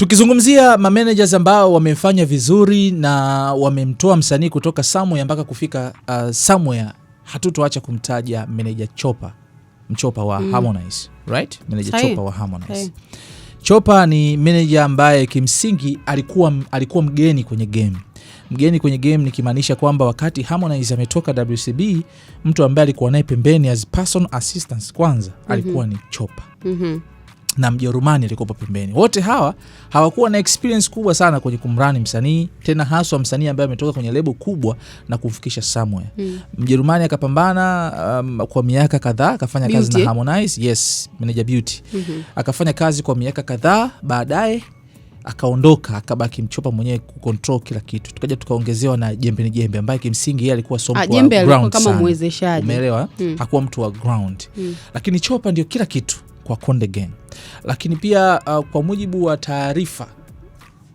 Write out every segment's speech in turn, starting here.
Tukizungumzia mamanagers ambao wamefanya vizuri na wamemtoa msanii kutoka somewhere mpaka kufika uh, somewhere, hatutoacha kumtaja meneja Chopa Mchopa wa mm. Harmonize, right? Meneja Chopa wa Harmonize. Chopa ni meneja ambaye kimsingi alikuwa, alikuwa mgeni kwenye game mgeni kwenye game nikimaanisha kwamba wakati Harmonize ametoka WCB, mtu ambaye alikuwa naye pembeni as person assistance kwanza, mm -hmm. alikuwa mhm. ni Chopa mm -hmm na Mjerumani alikopa pembeni. Wote hawa hawakuwa na experience kubwa sana kwenye kumrani msanii, tena haswa msanii ambaye ametoka kwenye lebo kubwa na kumfikisha somewhere. Hmm. Mjerumani akapambana um, kwa miaka kadhaa akafanya kazi na Harmonize, yes, manager Beauty. Mm -hmm. Akafanya kazi kwa miaka kadhaa baadaye akaondoka akabaki Mchopa mwenyewe kucontrol kila kitu. Tukaja tukaongezewa na Jembe ni Jembe ambaye kimsingi yeye alikuwa somo kwa ground kama mwezeshaji. Umeelewa? Hmm. Hakuwa mtu wa ground. Hmm. Lakini Chopa ndio kila kitu kwa Konde Gang. Lakini pia uh, kwa mujibu wa taarifa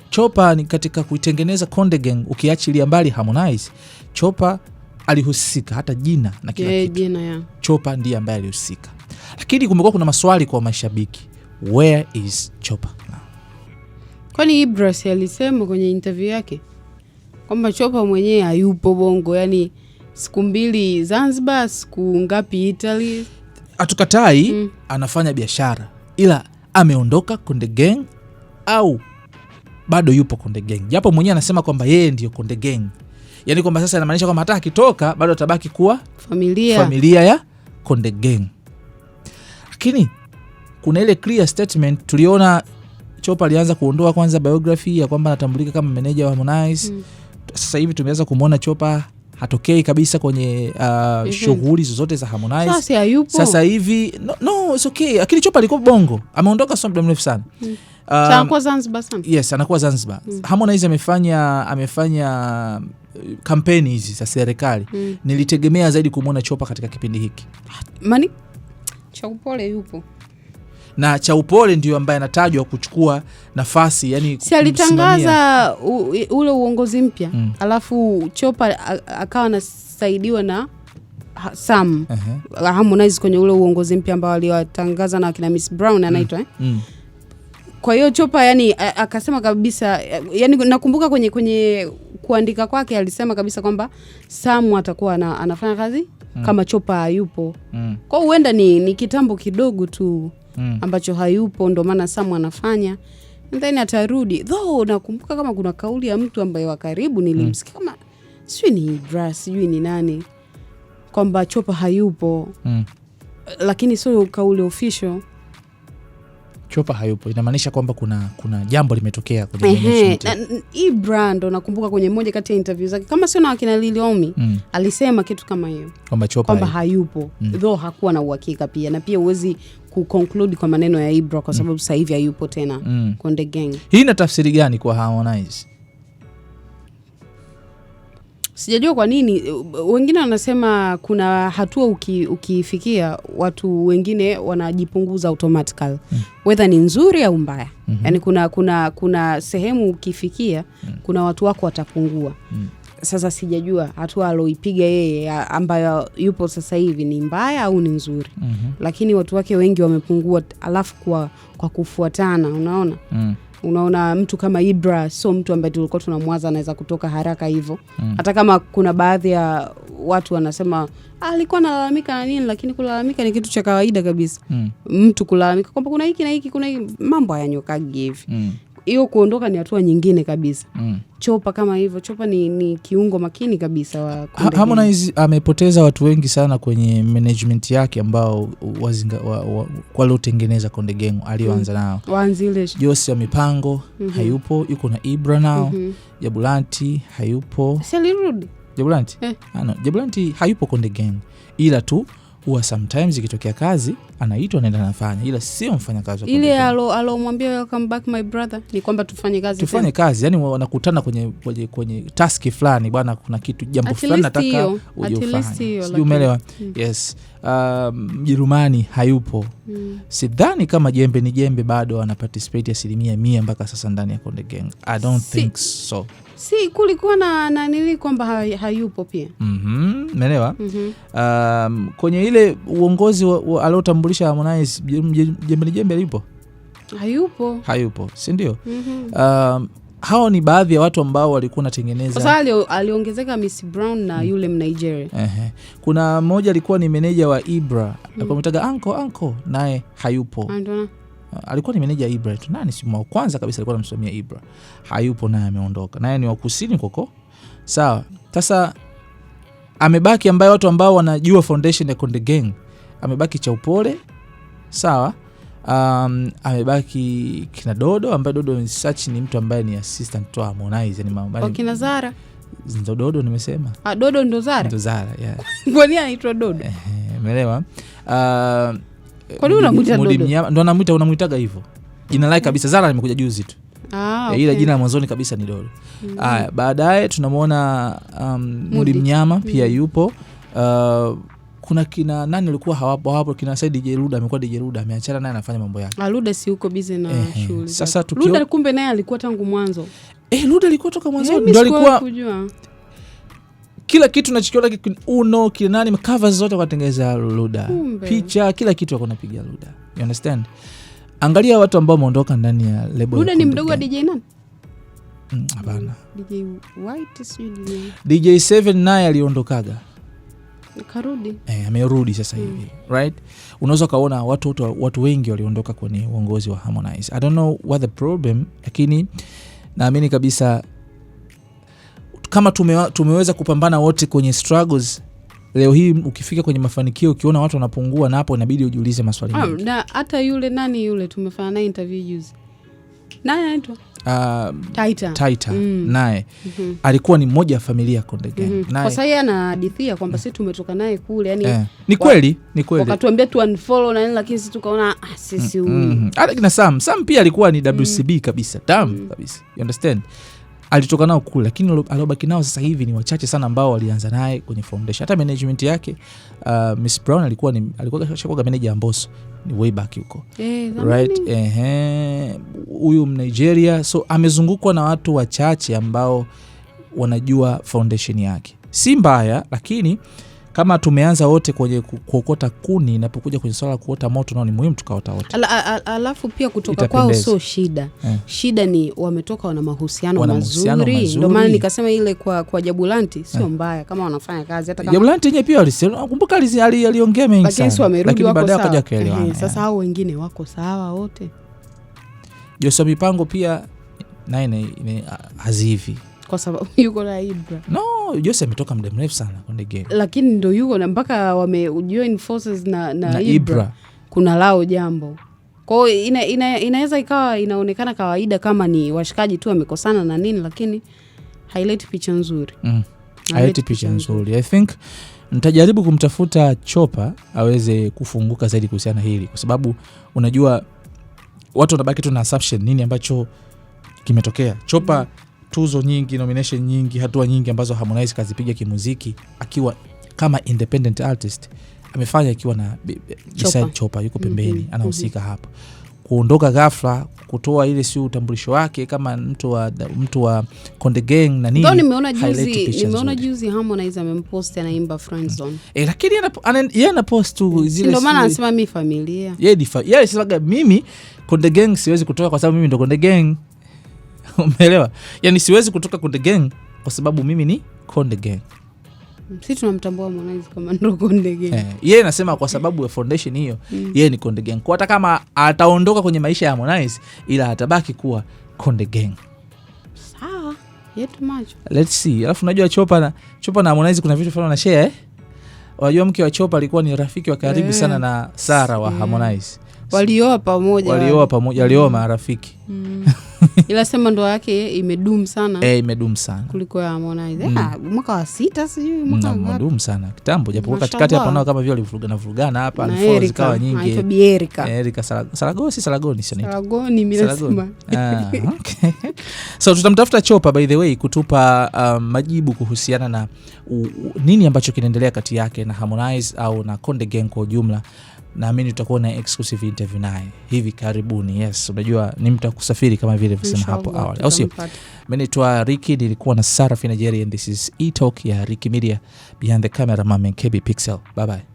Chopa ni katika kuitengeneza Konde Gang, ukiachilia mbali Harmonize, Chopa alihusika hata jina na kila yeah, kitu. Jina, yeah. Chopa ndiye ambaye alihusika, lakini kumekuwa kuna maswali kwa mashabiki, where is Chopa? Kwani Ibras alisema kwenye interview yake kwamba Chopa mwenyewe hayupo Bongo, yani siku mbili Zanzibar, siku ngapi Italy hatukatai mm. anafanya biashara ila ameondoka Konde Gang au bado yupo Konde Gang, japo mwenyewe anasema kwamba yeye ndio Konde Gang, yaani kwamba sasa inamaanisha kwamba hata akitoka bado atabaki kuwa familia, familia ya Konde Gang. Lakini kuna ile clear statement tuliona Chopa alianza kuondoa kwanza biography ya kwamba anatambulika kama meneja wa Harmonize mm. Sasa hivi tumeweza kumwona Chopa hatokei kabisa kwenye uh, shughuli zozote za Sasa hivi no, no it's okay. Akili Chopa alikuwa Bongo, ameondoka sio muda mrefu sana hmm. Um, anakuwa Zanzibar Yes, anakuwa Zanzibar. Mm. Harmonize amefanya amefanya kampeni uh, hizi za serikali mm. Nilitegemea zaidi kumwona Chopa katika kipindi hiki. Mani yupo na upole ndio ambaye anatajwa kuchukua nafasi yani, si alitangaza ule uongozi mpya mm. Alafu Chopa akawa anasaidiwa na Sam uh -huh. Harmonize kwenye ule uongozi mpya ambao aliwatangaza na wakina Miss Brown anaitwa eh? mm. eh? mm. Kwa hiyo Chopa yani akasema kabisa yani, nakumbuka kwenye kwenye kuandika kwake alisema kabisa kwamba samu atakuwa na, anafanya kazi mm. kama Chopa yupo mm. kwao huenda ni, ni kitambo kidogo tu mm. ambacho hayupo, ndo maana Samu anafanya and then atarudi. dho nakumbuka kama kuna kauli ya mtu ambaye wa karibu nilimsikia mm. kama sijui ni bra sijui ni nani kwamba Chopa hayupo mm. lakini sio kauli official Chopa hayupo, inamaanisha kwamba kuna, kuna jambo limetokea kwenye Ibra. Ndo nakumbuka kwenye moja kati ya interview zake kama sio na wakina Liliomi mm. alisema kitu kama hiyo kwamba Chopa kwamba hayupo mm. though hakuwa na uhakika pia, na pia huwezi kuconclude kwa maneno ya Ibra kwa mm. sababu mm. sasa hivi hayupo tena mm. Konde Gang. Hii ina tafsiri gani kwa Harmonize? Sijajua kwa nini wengine wanasema kuna hatua uki, ukifikia watu wengine wanajipunguza automatical mm. Whether ni nzuri au mbaya mm -hmm. Yani kuna, kuna, kuna sehemu ukifikia mm. Kuna watu wako watapungua mm. Sasa sijajua hatua aloipiga yeye ambayo yupo sasa hivi ni mbaya au ni nzuri mm -hmm. Lakini watu wake wengi wamepungua, alafu kwa, kwa kufuatana unaona mm. Unaona, mtu kama Ibra sio mtu ambaye tulikuwa tunamwaza anaweza kutoka haraka hivyo mm. Hata kama kuna baadhi ya watu wanasema ah, alikuwa analalamika na nini, lakini kulalamika ni kitu cha kawaida kabisa mm. Mtu kulalamika kwamba kuna hiki na hiki, kuna hiki, mambo hayanyokagi hivi mm hiyo kuondoka ni hatua nyingine kabisa mm. Chopa kama hivyo, Chopa ni, ni kiungo makini kabisa wa Harmonize. Amepoteza watu wengi sana kwenye management yake ambao waliotengeneza Konde gengo aliyoanza mm. nao waanzile ya mipango mm -hmm. hayupo, yuko na Ibra nao mm -hmm. Jabulanti hayupo, Jabulanti eh. Ah, Jabulanti hayupo Konde geng ila tu huwa sometimes ikitokea kazi anaitwa anaenda anafanya, ila sio mfanyakazi. Ile alomwambia welcome back my brother ni kwamba tufanye kazi, tufanye kazi, yani wanakutana kwenye, kwenye, kwenye taski fulani bwana, kuna kitu jambo fulani nataka ujifanye, sijui umeelewa? Hmm. Yes, um, Mjerumani um, hayupo mm. Sidhani kama jembe ni jembe bado ana participate asilimia mia mpaka sasa ndani ya Konde Gang. I don't si. think so si kulikuwa na nanili kwamba hayupo pia mm-hmm. umeelewa? mm -hmm. mm -hmm. Um, kwenye ile uongozi aliotambulisha Harmonize jembeni jembe lipo hayupo, hayupo si ndio? mm -hmm. um, hao ni baadhi ya watu ambao walikuwa wanatengeneza. Aliongezeka Miss Brown na mm. yule Mnigeria. Ehe, kuna mmoja alikuwa ni meneja wa Ibra, alikuwa mtaga anko anko, naye hayupo Andona. Ah, Uh, alikuwa ni meneja Ibra tu, nani si wa kwanza kabisa alikuwa anamsimamia Ibra, hayupo naye, ameondoka naye, ni wa kusini koko. Sawa, sasa amebaki ambaye watu ambao wanajua foundation ya Konde Gang, amebaki cha upole sawa. Um, amebaki kina Dodo ambaye Dodo Sachi ni mtu ambaye ni assistant to Harmonize, yani mama bali oh, kina Zara ndo Dodo nimesema. Ah, Dodo ndo Zara, ndo Zara yeah. Kwa nini anaitwa Dodo? Umeelewa? uh, kwa hivo Ndo unamwitaga jina lake kabisa. Zara limekuja juzi tu ah, eh, okay. Ila jina la mwanzoni kabisa ni dodo mm. haya mm. Baadaye tunamwona um, Mudi Mnyama pia mm. yupo uh, kuna kina nani alikuwa hawapo hawapo, kina Said DJ amekuwa DJ ameachana naye, anafanya mambo yake. Ruda ah, si huko busy na eh, shughuli. Sasa tukio luda kumbe naye alikuwa tangu mwanzo eh, luda alikuwa toka mwanzo eh, ndio alikuwa kujua kila kitu nachokiona uno kinani kava zote wakatengeneza Luda, picha kila kitu wanapiga Luda, you understand? Angalia watu ambao wameondoka ndani ya lebo. Luda ni mdogo wa DJ nani? Mm, hapana, DJ White sio DJ 7 naye aliondokaga karudi eh, amerudi sasa mm. hivi mm. Right, unaweza ukaona watu, watu, watu wengi waliondoka kwenye uongozi wa Harmonize. I don't know what the problem, lakini naamini kabisa kama tume, tumeweza kupambana wote kwenye struggles leo hii ukifika kwenye mafanikio ukiona watu wanapungua, na hapo inabidi ujiulize maswali ah, mengi. Na hata yule nani yule tumefanya naye interview juzi, naye anaitwa uh, Taita, Taita. Mm. naye mm -hmm. alikuwa ni mmoja wa familia Konde Gang mm -hmm. naye kwa sababu yeye anahadithia kwamba sisi tumetoka naye kule yani eh. ni kweli ni kweli, wakatuambia tu unfollow na nini, lakini sisi tukaona ah, sisi huyu mm -hmm. hata kina Sam Sam pia alikuwa ni WCB mm. kabisa Damn mm. kabisa you understand alitoka nao kule, lakini aliobaki nao sasa hivi ni wachache sana ambao walianza naye kwenye foundation. Hata management yake uh, Miss Brown alikuwa ni alikuwa kashakuwa manager ya Mbosso ni way back huko eh, right eh, huyu mnigeria so amezungukwa na watu wachache ambao wanajua foundation yake, si mbaya lakini kama tumeanza wote kwenye kuokota kuni, inapokuja kwenye swala la kuota moto, nao ni muhimu tukaota wote. Al, al, alafu pia kutoka kwao sio shida eh. Shida ni wametoka wana mahusiano wana mazuri, ndio maana nikasema ile kwa, kwa Jabulanti sio eh, mbaya kama wanafanya kazi. Hata kama Jabulanti yenyewe pia alisema, kumbuka aliongea mengi sana, lakini baadaye akaja kuelewana. Eh, sasa hao wengine wako sawa wote. josa Mipango pia naye hazivi kwa sababu yuko na Ibra no Jose ametoka muda mrefu sana lakini ndo yuko na mpaka wamejoin forces na, na, na Ibra. Ibra kuna lao jambo kwao, ina, ina, inaweza ikawa inaonekana kawaida kama ni washikaji tu wamekosana na nini, lakini haileti picha nzuri mm. haileti picha nzuri. I think ntajaribu kumtafuta Chopa aweze kufunguka zaidi kuhusiana hili, kwa sababu unajua watu wanabaki tu na assumption nini ambacho kimetokea. Chopa mm tuzo nyingi, nomination nyingi, hatua nyingi ambazo Harmonize kazipiga kimuziki akiwa kama independent artist amefanya akiwa na Chopa, Chopa yuko mm-hmm. pembeni mm -hmm. anahusika mm -hmm. hapo kuondoka ghafla kutoa ile sio utambulisho wake kama mtu wa mtu wa Konde Gang na nini. Nimeona juzi nimeona juzi Harmonize amempost anaimba friend mm. zone eh, lakini yeye ana post tu zile, ndio maana anasema mimi familia yeye ni yeye sasa, mimi Konde Gang siwezi kutoka kwa sababu mimi ndo Konde Gang umeelewa? Yani siwezi kutoka Konde Gang kwa sababu mimi ni Konde Gang. si tunamtambua mwanaizi kama ndo Konde Gang. Eh, yeye anasema kwa sababu ya foundation hiyo mm. Yeye ni Konde Gang. Kwa hata kama ataondoka kwenye maisha ya mwanaizi ila atabaki kuwa Konde Gang. Sawa. Yetu macho. Let's see. Alafu unajua Chopa na Chopa na mwanaizi kuna vitu fulani na share eh? Unajua mke wa Chopa alikuwa ni rafiki wa karibu yeah. sana na Sara wa yeah. Harmonize. Walioa pamoja. Walioa pamoja, walioa marafiki. Mm. ila sema ndoa yake imedum sana e, eh, imedum sana kuliko ya Harmonize mm. Ah, mwaka wa sita sijui mwaka mm, imedumu sana kitambo, japokuwa katikati hapo nao kama vile walivurugana vurugana hapa, alifo zikawa nyingi. Aitwa Bierika Erika eh, Saragosi Saragoni sio nini Saragoni mimi nasema ah, okay. so tutamtafuta Chopa by the way kutupa um, majibu kuhusiana na u, u, nini ambacho kinaendelea kati yake na Harmonize au na Konde Gang kwa ujumla naamini tutakuwa na exclusive interview naye hivi karibuni. Yes, unajua ni mtu akusafiri kama vile vyosema hapo awali, au sio? Mimi naitwa Ricky, nilikuwa na Sarafi Nigeria, and this is e-talk ya Ricky Media, behind the camera mame KB Pixel. Bye bye.